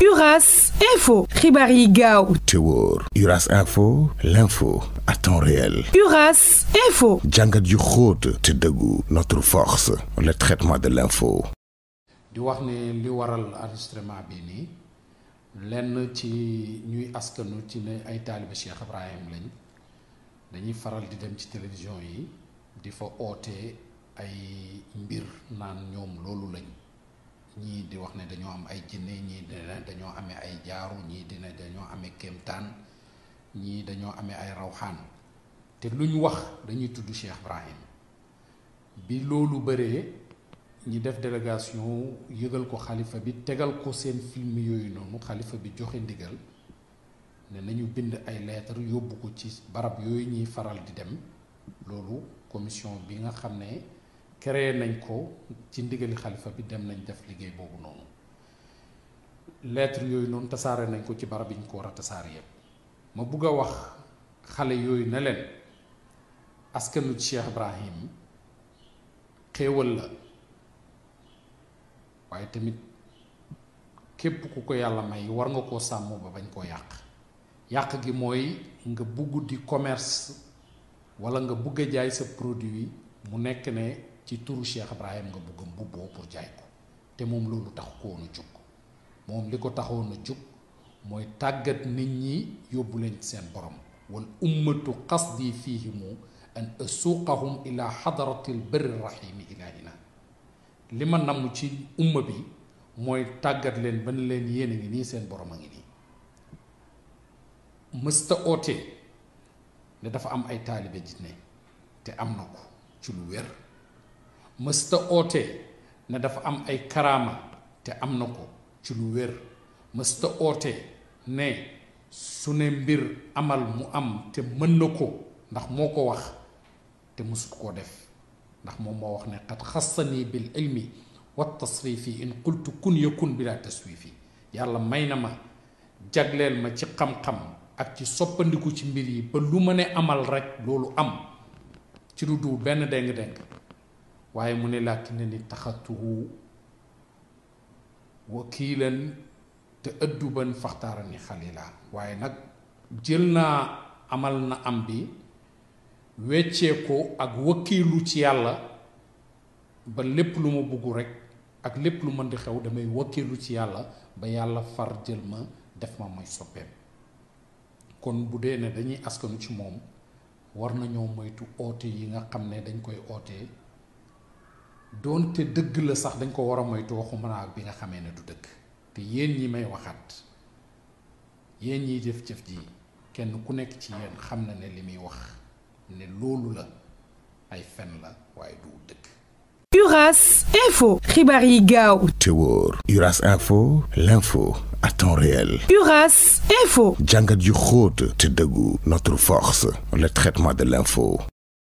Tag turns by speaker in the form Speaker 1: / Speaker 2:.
Speaker 1: Uras Info. Ribari Gao. Tewor. Uras Info. L'info à temps réel. Uras Info. Djanga du xóot te dëggu notre force le traitement de l'info. di wax ne li waral enregistrement bi nii lenn ci ñuy askanu ci ne ay taaliba Cheikh Ibrahim lañ dañuy faral di dem ci télévision yi di fa oote ay mbir nan ñoom loolu lañ. ñii di wax ne dañoo am ay jinne ñii dina dañoo amee ay jaaru ñii dina dañoo amee kéemtaan ñii dañoo amee ay rawxaan te lu ñu wax dañuy tudd Cheikh Ibrahim bi loolu bëree ñi def délégation yëgal ko xalifa bi tegal ko seen film yooyu noonu xalifa bi joxe ndigal ne nañu bind ay leetar yóbbu ko ci barab yooyu ñuy faral di dem loolu commission bi nga xam ne créé nañ ko ci ndigali xalifa bi dem nañ def liggéey boobu noonu lettre yooyu noonu tasaare nañ ko ci barab yi ñu ko war a tasaar yépp ma bugg a wax xale yooyu ne leen askanu Cheikh Ibrahim xéewal la waaye tamit képp ku ko yàlla may war nga koo sàmm ba bañ koo yàq yàq gi mooy nga bugg di commerce wala nga bugg a jaay sa produit mu nekk ne ci turu Cheikh Ibrahim nga bëgg mbubboo pour jaay ko te moom loolu tax ko woon a moom li ko taxoon a jóg mooy tàggat nit ñi yóbbu leen ci seen borom wal ummatu qasdi fihimu an asuqahum ila bari birri rahimi na li ma namm ci umma bi mooy tàggat leen ba ne leen yéen a ngi nii seen borom a ngi nii mësta oote ne dafa am ay taalibe jinne te am na ko ci lu wér mësta oote ne dafa am ay karaama te am na ko ci lu wér mësta oote ne su ne mbir amal mu am te mën na ko ndax moo ko wax te mësut koo def ndax moom moo wax ne xat xassanii bil ilmi wa tasrifi in qultu kun yakun bila taswifi yàlla may na ma jagleel ma ci xam-xam ak ci soppandiku ci mbir yi ba lu ma ne amal rek loolu am ci lu dul benn déng-déng waaye mu ne laakin ni taxatuhu wakiilan te ëdduban faxtaara ni xalilaa waaye nag jël naa amal na am bi weccee ko ak wakiilu ci yàlla ba lépp lu ma bugg rek ak lépp lu mën di xew damay wakiilu ci yàlla ba yàlla far jël ma def ma may soppeem kon bu dee ne dañuy askanu ci moom war nañoo moytu oote yi nga xam ne dañ koy ootee donte dëgg la sax dañ ko war a moytu waxuma naa ak bi nga xamee ne du dëgg te yéen ñi may waxat yéen ñiy def jëf ji kenn ku nekk ci yéen xam na ne li muy wax ne loolu la ay fen la waaye du dëgg Uras Info xibaar gao. gaaw Puras Uras Info l'info à temps réel Uras Info jàngat yu te degu notre force le traitement de l'info